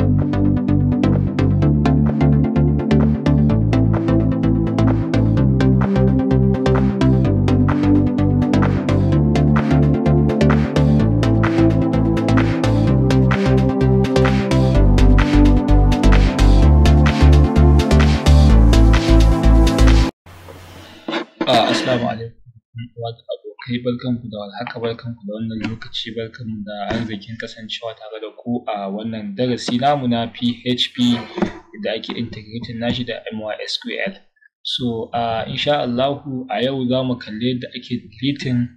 Assalamu alaikum abokai barkanku da warhaka barkanku da wannan lokaci barkanmu da arzikin kasancewa tare da ku a wannan darasi namu na PHP da ake integrating nashi da MySQL. So a insha Allahu a yau za mu kalli yadda ake deleting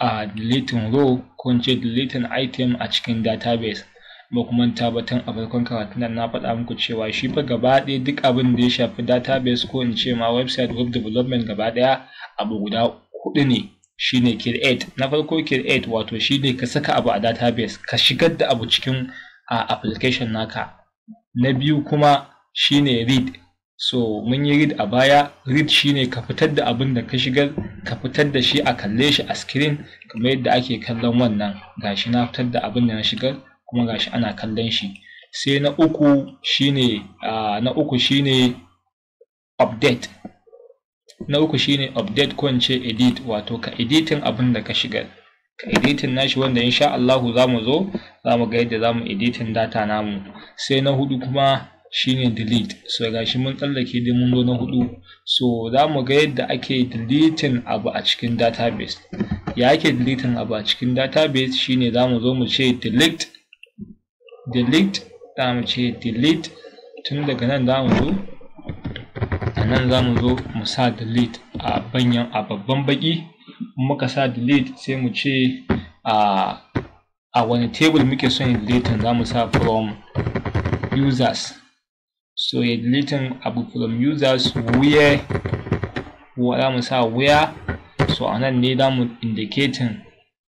a deleting row ko in ce deleting item a cikin database. Ba kuma tabbatar a farkon karatun nan na faɗa muku cewa shi fa gaba ɗaya duk abin da ya shafi database ko in ce ma website web development gaba ɗaya abu guda huɗu ne. shine create na farko create wato shine ka saka abu a database ka shigar da abu cikin a application naka na biyu kuma shine read so mun yi read a baya read shine ka fitar da abin da ka shigar ka fitar da shi a kalle shi a screen kamar yadda ake kallon wannan gashi na fitar da abin da na shigar kuma gashi ana kallon shi sai na uku shine na uku shine update na uku shine update ko edit wato ka editin abin da ka shiga ka editin nashi wanda insha Allahu za mu zo za mu ga yadda za mu editin data namu sai na hudu kuma shine delete so gashi mun tsallake din mun zo na hudu so za mu ga yadda ake deleting abu a cikin database ya ake deleting abu a cikin database shine za mu zo mu ce delete delete za mu ce delete tun daga nan za mu zo nan za mu zo mu sa delete a banyan a babban baki muka sa delete sai mu ce a a wani table muke son yin delete za mu sa from users so ya delete abu from users where za mu sa where so a nan ne za mu indicating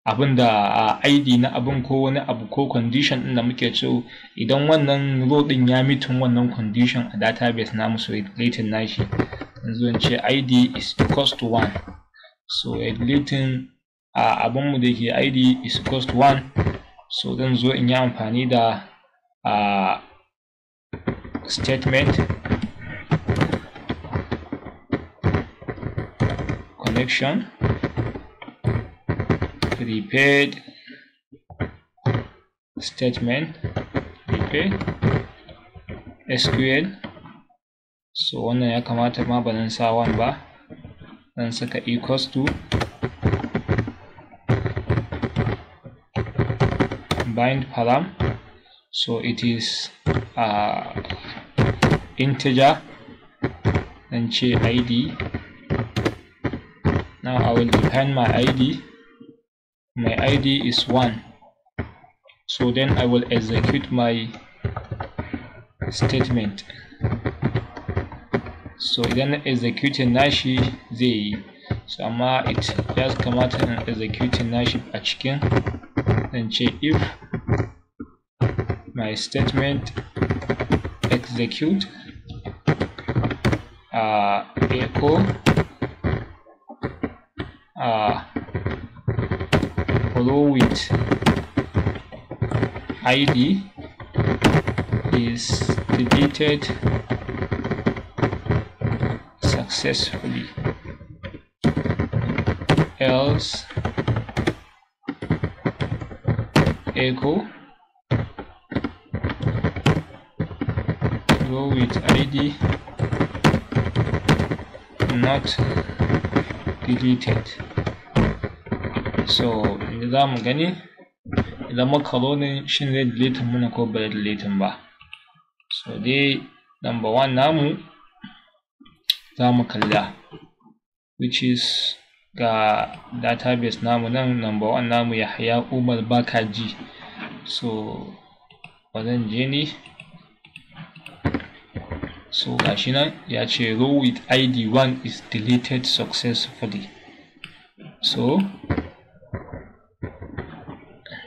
abin da ID na abin ko wani abu ko condition ɗin da muke so idan wannan row ɗin ya mitin wannan condition a database namu so relating nashi yanzu in ce ID is equals to 1 so relating a abin mu da ke ID is equals to 1 so zan zo in yi amfani da a statement connection prepaid statement prepay sql so wannan ya kamata ma ba zan sa one ba zan saka equals to bind param so it is uh, integer and ce id now i will define my id my id is 1 so then I will execute my statement so then execute nashi zai yi so amma it ya kamata and execute nashi a chicken. and check if my statement execute uh, echo uh, Go with id is deleted successfully else echo go with id not deleted so za mu gani idan muka ne shin zai deleting muna ko ba zai ba so dai number one namu za mu kalla which is ga database namu nan number one namu yahaya umar baka ji so wannan je ne so gashi nan ya ce row with id 1 is deleted successfully so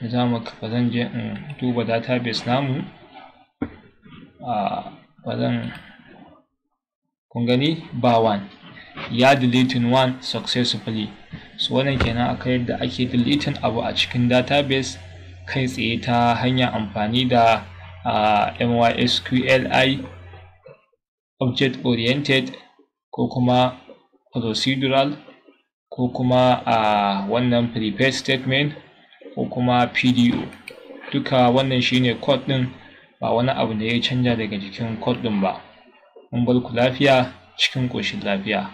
za mu zan je in duba database namu a ba zan kun gani ba one ya deleting one successfully so wannan kenan akai yadda ake deleting abu a cikin database kai tsaye ta hanyar amfani da MySQLi object oriented ko kuma procedural ko kuma a wannan prepare statement ko kuma pdo duka wannan shine code din ba wani abu ne ya canja daga jikin code din ba mun bar ku lafiya cikin ƙoshin lafiya